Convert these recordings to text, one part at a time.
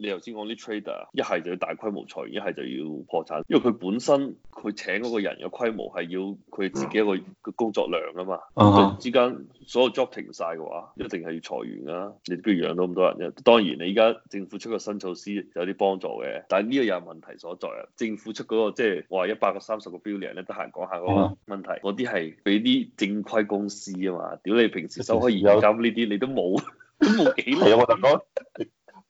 你頭先講啲 trader，一係就要大規模裁員，一係就要破產，因為佢本身佢請嗰個人嘅規模係要佢自己一個個工作量啊嘛。Uh huh. 之間所有 job 停晒嘅話，一定係要裁員啊！你不如養到咁多人？當然，你而家政府出個新措施有啲幫助嘅，但係呢個又係問題所在啊！政府出嗰、嗰個即係話一百個三十個 billion 咧，得閒講下個問題，嗰啲係俾啲正規公司啊嘛。屌你平時收開現金呢啲，你都冇，都冇幾多。 我同你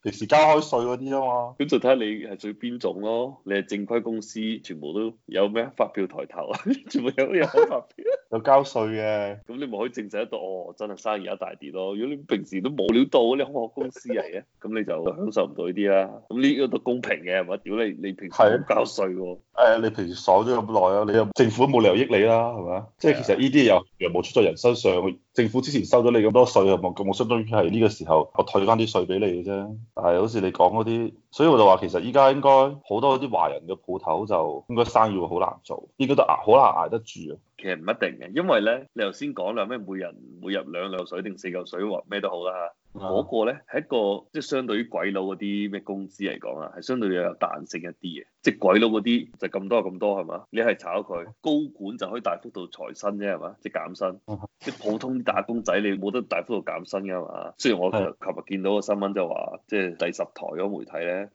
平時交開稅嗰啲啊嘛，咁就睇下你係最邊種咯。你係正規公司，全部都有咩發票抬頭、啊，全部有有開發票， 有交稅嘅。咁你咪可以證實得到哦，真係生意一大跌咯。如果你平時都冇料到，你空殼公司嚟嘅，咁 你就享受唔到呢啲啦。咁呢個都公平嘅，係咪？屌你，你平時係咁交稅喎。你平時爽咗咁耐啊，你又政府都冇理由益你啦，係咪？的即係其實呢啲又又冇出在人身上。政府之前收咗你咁多稅，係咪？咁我相當於係呢個時候我退翻啲稅俾你嘅啫。係，好似你講嗰啲，所以我就話其實依家應該好多啲華人嘅鋪頭就應該生意會好難做，應該都捱好難捱得住啊。其實唔一定嘅，因為咧，你頭先講啦，咩每人每日兩兩水定四嚿水或咩都好啦嗰個咧係一個即係相對於鬼佬嗰啲咩公司嚟講啊，係相對又有彈性一啲嘅。即係鬼佬嗰啲就咁多咁多係嘛？你係炒佢高管就可以大幅度裁薪啫係嘛？即係、就是、減薪。即係普通打工仔你冇得大幅度減薪㗎嘛？雖然我琴日的見到個新聞就話，即係第十台嗰媒體咧，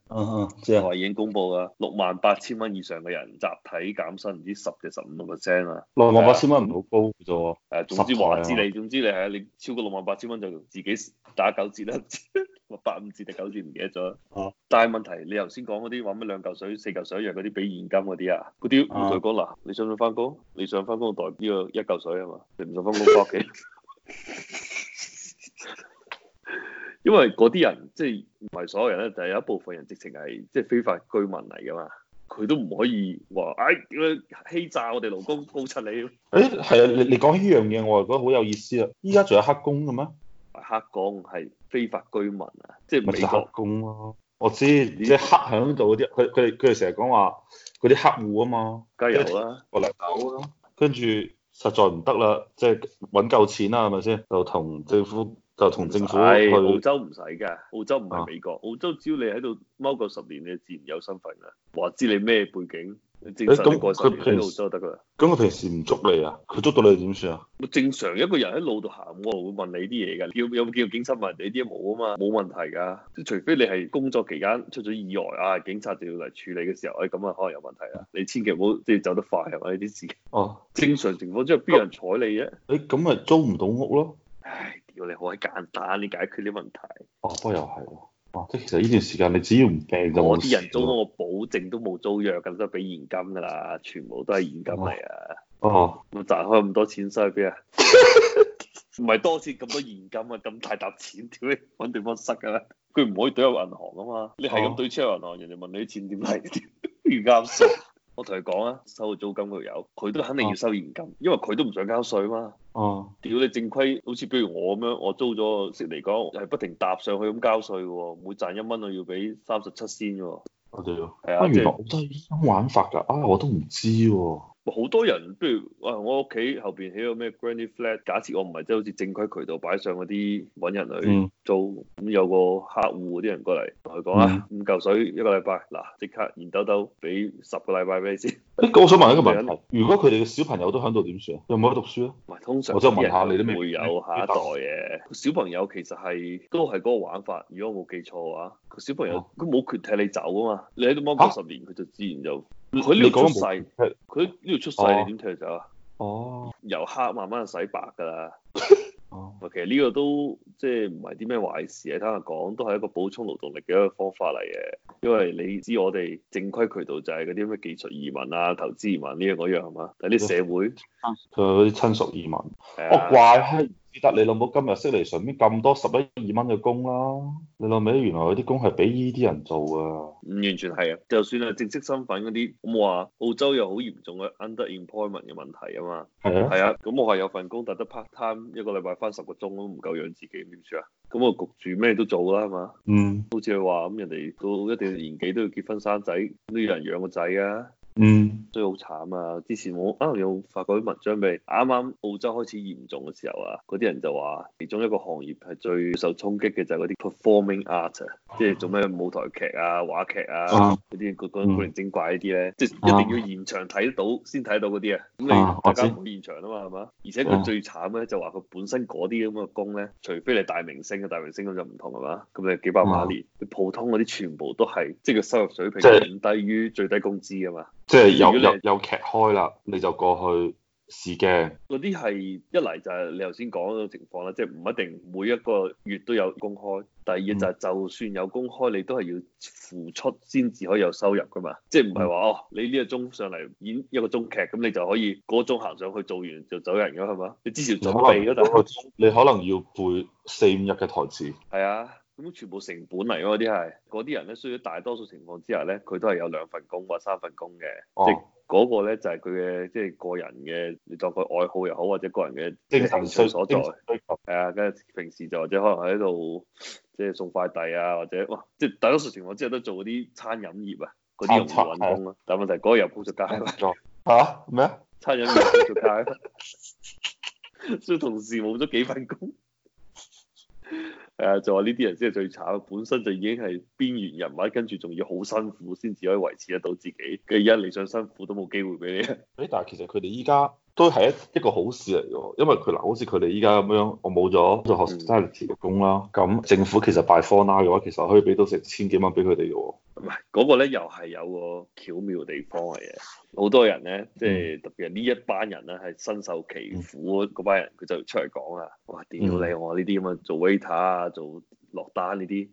就話、啊、已經公佈啊，六萬八千蚊以上嘅人集體減薪唔知十幾十五六個 percent 啊。六萬八千蚊唔好高咋喎？誒，總之話之你總之你係你超過六萬八千蚊就自己打。九折啦，我八五折定九折唔記得咗。啊、但係問題你，你頭先講嗰啲話乜兩嚿水，四嚿水一樣嗰啲，俾現金嗰啲啊，嗰啲我講嗱，你想唔想翻工？你想翻工，代表一個一嚿水啊嘛？你唔想翻工，翻屋企。因為嗰啲人即係唔係所有人咧，就係、是、有一部分人直情係即係非法居民嚟噶嘛，佢都唔可以話哎，點樣欺詐我哋勞工，高出你。誒，係啊，你你講呢樣嘢，我啊覺得好有意思啊！依家仲有黑工嘅咩？黑港係非法居民啊，即係美國係黑工咯、啊。我知，而且黑響度嗰啲，佢佢哋佢哋成日講話嗰啲黑戶啊嘛，加油啦、啊，我嚟搞啦。跟住實在唔得啦，即係搵夠錢啦，係咪先？就同政府就同政府。係澳洲唔使噶，澳洲唔係美國，啊、澳洲只要你喺度踎夠十年，你自然有身份噶、啊。話知你咩背景。誒咁佢平時得噶啦，咁我平時唔捉你啊？佢捉到你點算啊？正常一個人喺路度行，啊，我會問你啲嘢噶，叫有冇叫警察問你啲冇啊嘛，冇問題噶，即除非你係工作期間出咗意外啊，警察就要嚟處理嘅時候，誒咁啊可能有問題啊，你千祈唔好即係走得快係嘛？呢啲事哦，正常情況之下邊有人睬你啫，啊？誒咁咪租唔到屋咯，唉，屌你好閪簡單，你解決啲問題。哦、啊，不過又係喎。就是哦，即其實呢段時間你只要唔病就冇事。我啲人租到我保證都冇租約噶，都、就、俾、是、現金噶啦，全部都係現金嚟啊。哦、啊，咁賺開咁多錢收去邊啊？唔係 多錢咁多現金啊，咁大沓錢點搵地方塞噶啦？佢唔可以懟入銀行啊嘛。你係咁懟出銀行，啊、人哋問你啲錢點嚟，冤家塞。我同佢講啊，收租金佢有，佢都肯定要收現金，因為佢都唔想交稅嘛。哦，屌你正規，好似比如我咁樣，我租咗食嚟講，係不停搭上去咁交稅喎，每賺一蚊我要俾三十七先喎。我啊原來好多，玩法㗎啊，我都唔知喎。好多人不如哇，我屋企後邊起咗咩 granny flat，假設我唔係即係好似正規渠道擺上嗰啲揾人去。啊做咁有個客戶啲人過嚟同佢講啊，五嚿水一個禮拜，嗱即刻現兜兜俾十個禮拜俾你先。誒，我想問一個問題，如果佢哋嘅小朋友都喺度點算啊？又冇得讀書啊？唔係通常，我想問下你啲咩？會有下一代嘅小朋友，其實係都係嗰個玩法。如果我冇記錯嘅話，小朋友佢冇權踢你走啊嘛。你喺度玩過十年，佢就自然就佢呢度出世，佢呢度出世你點踢走啊？哦，由黑慢慢洗白噶啦。哦，其實呢個都～即係唔係啲咩壞事啊？坦白講，都係一個補充勞動力嘅一個方法嚟嘅。因為你知我哋正規渠道就係嗰啲咩技術移民啊、投資移民呢、啊、樣嗰樣係嘛？有啲社會仲有嗰啲親屬移民。我怪、uh, 得你老母今日悉尼上邊咁多十一二蚊嘅工啦！你諗唔原來嗰啲工係俾依啲人做啊？唔完全係啊，就算係正式身份嗰啲，咁我話澳洲有好嚴重嘅 underemployment 嘅問題啊嘛。係啊，咁、啊、我係有份工，得得 part time 一個禮拜翻十個鐘都唔夠養自己，點算啊？咁我焗住咩都做啦，係嘛？嗯，好似你話咁，人哋到一定年紀都要結婚生仔，都要有人養個仔啊。嗯，mm. 所以好慘啊！之前我可能有發覺啲文章俾你啱啱澳洲開始嚴重嘅時候啊，嗰啲人就話其中一個行業係最受衝擊嘅就係嗰啲 performing art，即係做咩舞台劇啊、話劇啊嗰啲，嗰嗰種古靈精怪呢啲咧，mm. 即係一定要現場睇到先睇，mm. 到嗰啲啊。咁你大家冇現場啊嘛，係嘛、mm.？而且佢最慘咧，就話佢本身嗰啲咁嘅工咧，mm. 除非你大明星嘅大明星咁就唔同係嘛，咁你幾百萬年，你，mm. 普通嗰啲全部都係即係佢收入水平遠低於最低工資啊嘛。即係有有，有劇開啦，你就過去試鏡。嗰啲係一嚟就係你頭先講嗰種情況啦，即係唔一定每一個月都有公開。第二就係就算有公開，你都係要付出先至可以有收入㗎嘛。即係唔係話哦，你呢個鐘上嚟演一個鐘劇，咁你就可以嗰鐘行上去做完就走人㗎係嘛？你之前準備咯，但係你， 你可能要背四五日嘅台詞。係啊。咁全部成本嚟咯啲係，嗰啲人咧，需要大多數情況之下咧，佢都係有兩份工或者三份工嘅，即係嗰個咧就係佢嘅即係個人嘅，你當佢愛好又好或者個人嘅精神需所在，係啊，跟平時就或者可能喺度即係送快遞啊，或者哇，即係大多數情況之下都做嗰啲餐飲業啊，嗰啲又唔揾工咯，麼但問題嗰日鋪出街，嚇咩？啊、餐飲業鋪出街， 所以同時冇咗幾份工。誒，就話呢啲人先係最慘，本身就已經係邊緣人物，跟住仲要好辛苦，先至可以維持得到自己。跟住一嚟，想辛苦都冇機會俾你。誒，但係其實佢哋依家都係一一個好事嚟嘅，因為佢嗱，好似佢哋依家咁樣，我冇咗做學生嘅工啦。咁、嗯、政府其實拜科拉嘅話，其實可以俾到成千幾蚊俾佢哋嘅。唔係嗰個咧，又係有個巧妙地方嘅嘢。好多人咧，即、就、係、是、特別係呢一班人咧，係身受其苦嗰班人，佢就出嚟講啦。哇！屌你我呢啲咁啊，做 waiter 啊，做落單呢啲，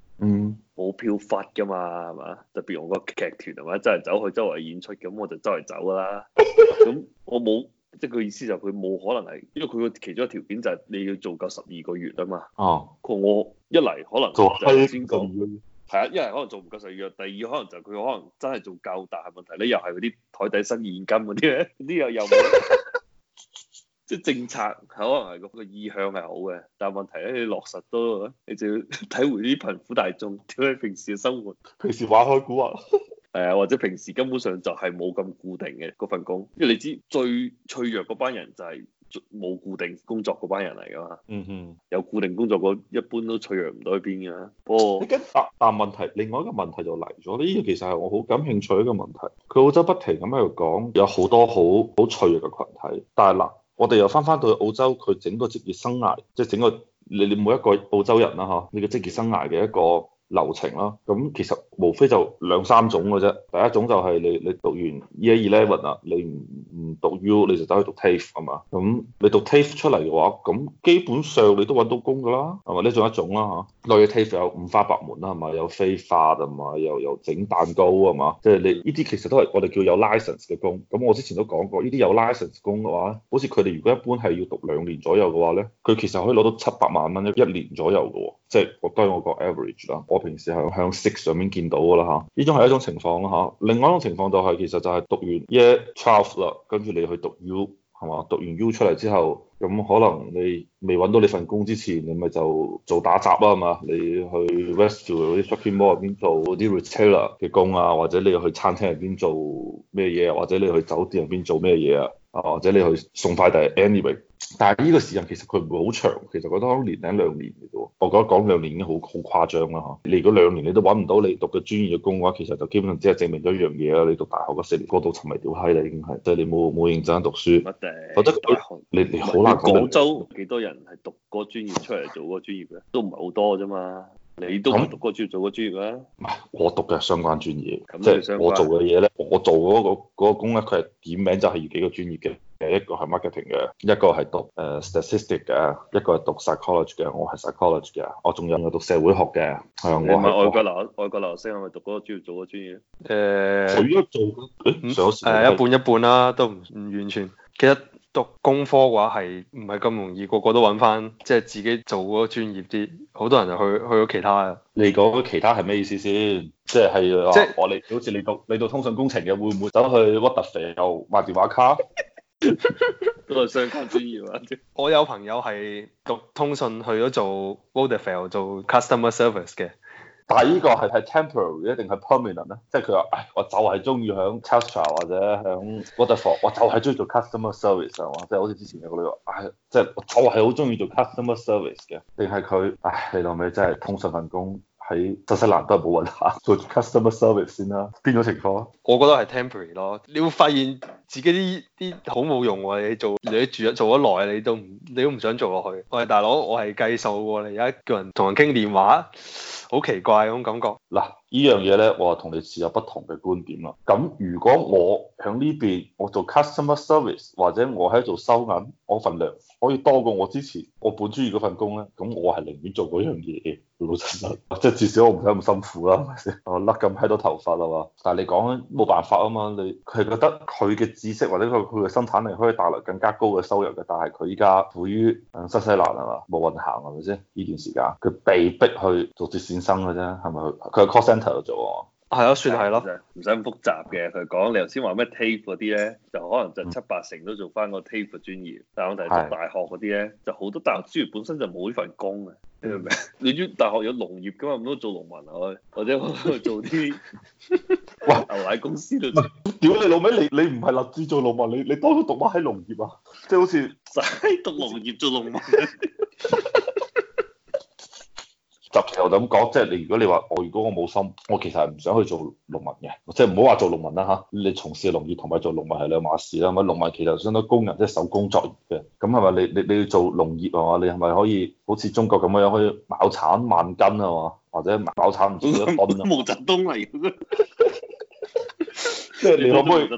冇票發㗎嘛，係嘛、嗯？特別我個劇團係嘛，走嚟走去周圍演出，咁我就周圍走㗎啦。咁、 嗯、我冇，即係佢意思就佢冇可能係，因為佢個其中一條件就係你要做夠十二個月啊嘛。哦、啊。佢我一嚟可能就話先講。係啊，一係可能做唔夠數，第二可能就佢可能真係做夠，但係問題咧又係嗰啲台底薪現金嗰啲咧，呢又又冇， 即係政策可能係個意向係好嘅，但係問題咧你落實都，你就要體會啲貧苦大眾點解平時嘅生活，平時玩開股啊，誒 或者平時根本上就係冇咁固定嘅嗰份工，因為你知最脆弱嗰班人就係、是。冇固定工作嗰班人嚟噶嘛，嗯哼，有固定工作嗰一般都脆弱唔到去邊嘅，不過你跟但但問題，另外一個問題就嚟咗呢，依個其實係我好感興趣一個問題。佢澳洲不停咁喺度講，有好多好好脆弱嘅群體，但係嗱，我哋又翻翻到澳洲佢整個職業生涯，即係整個你你每一個澳洲人啦，嚇你嘅職業生涯嘅一個。流程啦、啊，咁、嗯、其實無非就兩三種嘅啫。第一種就係你你讀完 Year Eleven 啊，你唔唔讀 U 你就走去讀 TAFE 係嘛？咁、嗯、你讀 TAFE 出嚟嘅話，咁、嗯、基本上你都揾到工噶啦，係咪呢種一種啦、啊、嚇？內、嗯、嘅、那個、TAFE 有五花八門啦，係咪有飛髮啊嘛？又又整蛋糕啊嘛？即係、就是、你呢啲其實都係我哋叫有 license 嘅工。咁我之前都講過，呢啲有 license 工嘅話，好似佢哋如果一般係要讀兩年左右嘅話咧，佢其實可以攞到七百萬蚊一年左右嘅喎，即、就、係、是、我當然我講 average 啦，平時係向 six 上面見到嘅啦嚇，呢種係一種情況啦嚇、啊。另外一種情況就係、是、其實就係讀完 year twelve 啦，跟、yeah, 住你去讀 U 係嘛？讀完 U 出嚟之後，咁可能你未揾到你份工之前，你咪就做打雜啦係嘛？你去 restaurant 嗰啲 shopping mall 入邊做啲 retailer 嘅工啊，或者你去餐廳入邊做咩嘢，或者你去酒店入邊做咩嘢啊？啊，或者你去送快遞，anyway，但係呢個時間其實佢唔會好長，其實我得年零兩年嚟啫，我覺得講兩年已經好好誇張啦嚇。嚟咗兩年你都揾唔到你讀嘅專業嘅工嘅話，其實就基本上只係證明咗一樣嘢啦。你讀大學嘅四年嗰度、那個、沉迷屌閪啦，已經係即係你冇冇認真讀書。我覺得你你好難講。廣州幾多人係讀嗰個專業出嚟做嗰個專業嘅？都唔係好多啫嘛。你都咁讀過專業做過專業啊。唔係我讀嘅相關專業，即係我做嘅嘢咧，我做嗰、嗰個嗰個工咧，佢係點名就係要幾個專業嘅，誒一個係 marketing 嘅，一個係讀誒 statistics 嘅，一個係讀、uh, 讀 psychology 嘅，我係 psychology 嘅，我仲有係讀社會學嘅。係我係學外國留外國留學生是是。係咪讀嗰個專業做嗰個專業？除咗、欸、做嘅，誒、欸、誒，一半一半啦，啊，都唔唔完全。其實。讀工科嘅話係唔係咁容易，個個都揾翻，即係自己做嗰個專業啲，好多人就去去咗其他啊即。你講其他係咩意思先？即係係話我哋好似你讀你讀通訊工程嘅，會唔會走去 Watford 又賣電話卡？ 都係相關專業啊！ 我有朋友係讀通訊去咗做 Watford 做 customer service 嘅。但係依個係睇 temporary 一定係 permanent 咧，即係佢話，唉，我就係中意喺 Tesla 或者喺 What’s f l l 我就係中意做 customer service 啊，即係好似之前有個女話，唉，即係我就係好中意做 customer service 嘅。定係佢，唉，你到尾真係通常份工喺新西，西蘭都係冇揾啊，做 customer service 先啦。邊種情況？我覺得係 temporary 咯。你會發現自己啲啲好冇用喎、啊，你做你住咗做得耐，你都唔你都唔想做落去。喂，大佬，我係計數喎、啊，你而家叫人同人傾電話。好奇怪嗰種感覺，嗱。樣呢樣嘢咧，我話同你持有不同嘅觀點啦。咁如果我喺呢邊，我做 customer service 或者我喺度收銀，我份糧可以多過我之前我本專業嗰份工咧，咁我係寧願做嗰樣嘢，老實講，即 係至少我唔使咁辛苦啦，係咪先？ 我甩咁批多頭髮啦喎，但係你講冇辦法啊嘛，你佢係覺得佢嘅知識或者佢佢嘅生產力可以帶來更加高嘅收入嘅，但係佢依家苦於新西蘭係嘛，冇運行係咪先？呢段時間佢被逼去做接線生㗎啫，係咪佢佢係頭度做係咯，算係咯，唔使咁複雜嘅。佢講你頭先話咩 tape 嗰啲咧，就可能就七八成都做翻個 tape 嘅專業。但係我提翻大學嗰啲咧，的就好多大學專業本身就冇呢份工嘅，嗯，你明唔明？你知大學有農業噶嘛？咁都做農民啊？或者做啲喂 牛奶公司嗰啲，屌 你老味！你你唔係立志做農民，你你當初讀乜喺農業啊？即、就、係、是、好似喺讀農業做農民。 集其就咁講，即係你如果你話我，如果我冇心，我其實係唔想去做農民嘅，即係唔好話做農民啦吓，你從事農業同埋做農民係兩碼事啦，咁啊農民其實相當於工人，即係手工作業嘅，咁係咪你你你要做農業啊嘛？你係咪可以好似中國咁嘅樣可以畝產萬斤啊嘛？或者畝產唔多我啊？毛澤東嚟 即係你可唔可以。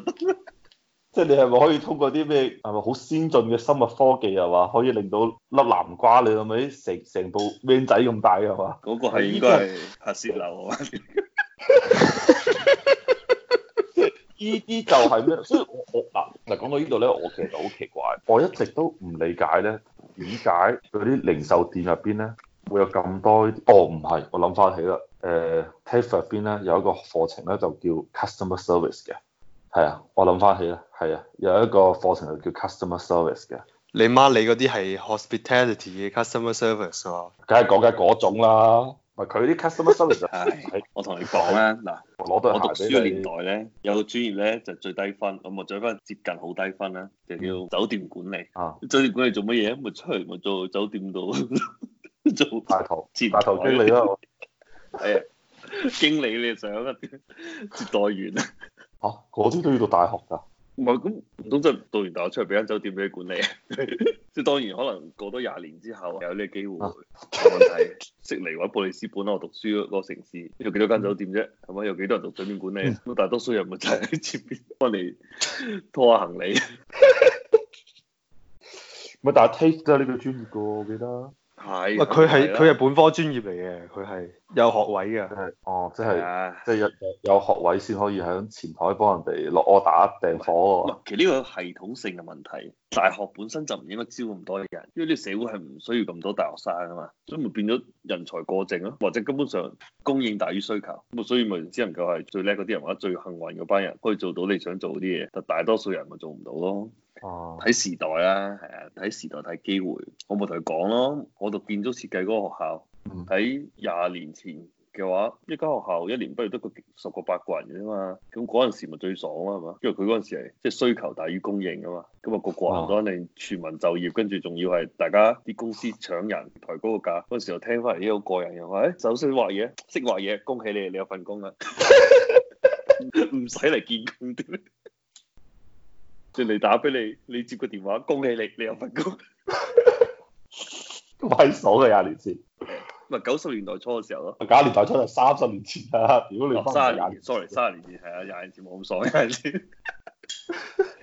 即係你係咪可以通過啲咩係咪好先進嘅生物科技係嘛？可以令到粒南瓜你係咪成成部 van 仔咁大嘅係嘛？嗰個係應該係核泄漏。即係依啲就係咩？所以我我嗱嗱、啊、講到呢度咧，我其實好奇怪。我一直都唔理解咧，點解嗰啲零售店入邊咧會有咁多？哦，唔係，我諗翻起啦。誒、呃、TAFE 入邊咧有一個課程咧就叫 Customer Service 嘅。係啊，我諗翻起啦。係啊，有一個課程就叫 customer service 嘅。你媽，的來你嗰啲係 hospitality 嘅 customer service 喎。梗係講緊嗰種啦。係佢啲 customer service 我同你講啦。嗱，我讀書嘅年代咧，有個專業咧就是，最低分， 我咪最低分接近好低分啦，就叫酒店管理。啊。 酒店管理做乜嘢？咪出去咪做酒店度 做大堂台，大堂經理咯。係啊。經理你想接待員 啊？嗰啲都要讀大學噶。唔係咁，唔通真係讀完大學出嚟俾間酒店俾你管理，即 係當然可能過多廿年之後有呢個機會，會，問題，悉尼搵布里斯本我讀書嗰個城市有幾多間酒店啫，係咪有幾多人讀酒店管理？咁大、啊、多數人咪就係喺前邊幫你拖下行李。咪 係， 但係 taste 呢個專業個，我記得。係，佢係佢係本科專業嚟嘅，佢係有學位嘅。的哦，即係的即係有有學位先可以喺前台幫人哋落 order 打訂房喎。唔係，其實呢個系統性嘅問題，大學本身就唔應該招咁多人，因為呢社會係唔需要咁多大學生啊嘛，所以咪變咗人才過剩咯，或者根本上供應大於需求，咁所以咪只能夠係最叻嗰啲人或者最幸運嗰班人可以做到你想做啲嘢，但大多數人咪做唔到咯。哦，睇時代啦，係啊，睇時代睇機會。我冇同佢講咯。我讀建築設計嗰個學校，喺廿、嗯、年前嘅話，一間學校一年不如得個十個八個人嘅啫嘛。咁嗰陣時咪最爽啊係嘛？因為佢嗰陣時係即係需求大於供應啊嘛。咁啊，個個人都肯定全民就業，跟住仲要係大家啲公司搶人，抬高個價。嗰陣時候我聽翻嚟啲好過癮又、欸、話，首先畫嘢，識畫嘢，恭喜你，你有份工啊，唔使嚟見工即你打俾你，你接個電話，恭喜你，你又份工，咁咪 爽嘅廿年前，唔係九十年代初嘅時候咯，九 年代初係三十年前啊，如果你翻三十年，sorry，三十年前係啊，廿年前冇咁爽，廿年前，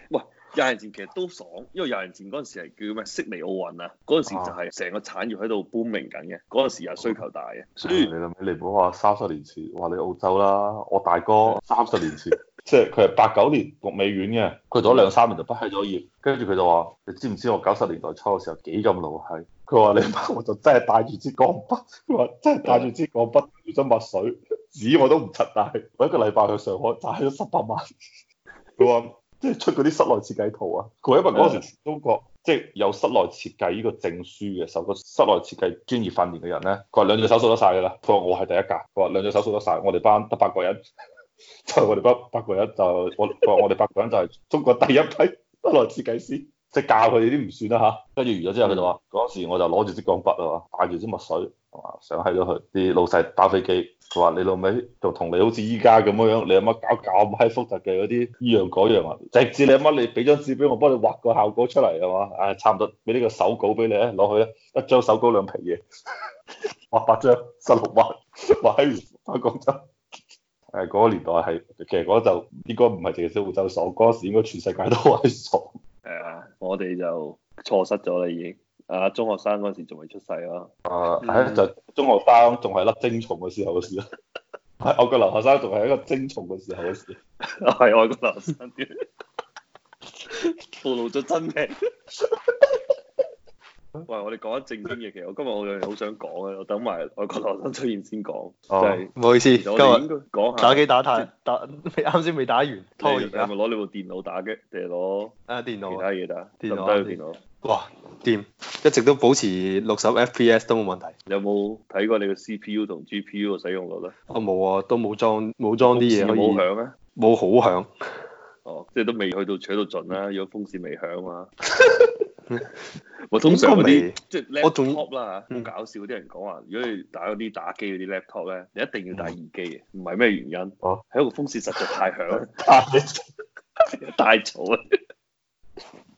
喂 前，廿 年前其實都爽，因為廿年前嗰陣時係叫咩悉尼奧運啊，嗰陣時就係成個產業喺度搬 o o 緊嘅，嗰陣時又需求大嘅，所以你諗起，你唔好話三十年前，話你澳洲啦，我大哥三十年前。 即係佢係八九年讀美院嘅，佢讀咗兩三年就畢咗業，跟住佢就話：你知唔知我九十年代初嘅時候幾咁老係？佢話你媽我就真係帶住支鋼筆，佢話真係帶住支鋼筆，如住墨水，紙我都唔但帶，但係我一個禮拜去上海帶咗十八萬。佢話即係出嗰啲室內設計圖啊，佢因為嗰時中國即係有室內設計呢個證書嘅，受個室內設計專業訓練嘅人咧，佢話兩隻手數得晒噶啦，佢話我係第一屆，佢話兩隻手數得晒，我哋班得八個人。就我哋八八個人，就我我哋北個人就係中國第一批室內設計師，即係教佢哋啲唔算啦吓。跟住完咗之後，佢就話嗰時我就攞住支鋼筆啊，帶住支墨水係上喺咗佢啲老細打飛機。佢話你老味，就同你好似依家咁樣樣，你阿乜搞搞咁閪複雜嘅嗰啲依樣嗰樣啊？直至你阿乜你俾張紙俾我，幫你畫個效果出嚟係嘛？唉、哎，差唔多俾呢個手稿俾你咧，攞去咧，一張手稿兩皮嘢，畫八張十六萬畫喺喺廣州。誒，嗰、那個年代係，其實嗰就應該唔係淨係小澳就傻，嗰時應該全世界都係傻。係、uh, 我哋就錯失咗啦，已經。啊，中學生嗰時仲未出世咯。啊，係、uh, 嗯啊、就是、中學生仲係粒精蟲嘅時候嘅事。係外國留學生仲係一個精蟲嘅時候嘅事。係 外國留學生，學生 暴露咗真名。 喂，我哋講緊正經嘢。其實今我今日我哋好想講嘅，我等埋我個羅生出現先講。哦。唔、就是、好意思，我哋講打機打太打，啱先未打完，拖而家。係咪攞你部電腦打嘅，定係攞啊電腦其他嘢打？電腦腦、啊啊。哇，掂！一直都保持六十 FPS 都冇問題。有冇睇過你嘅 CPU 同 GPU 嘅使用率咧？我冇啊，啊，都冇裝冇裝啲嘢。冇響啊？冇好響。哦，即係都未去到扯到盡啦。如果風扇未響啊？ 我通常嗰啲即係 laptop 啦嚇，好還搞笑啲人講話，嗯、如果你打嗰啲打機嗰啲 laptop 咧，你一定要戴耳機嘅，唔係咩原因？哦、啊，係一個風扇實在太響，太嘈啊！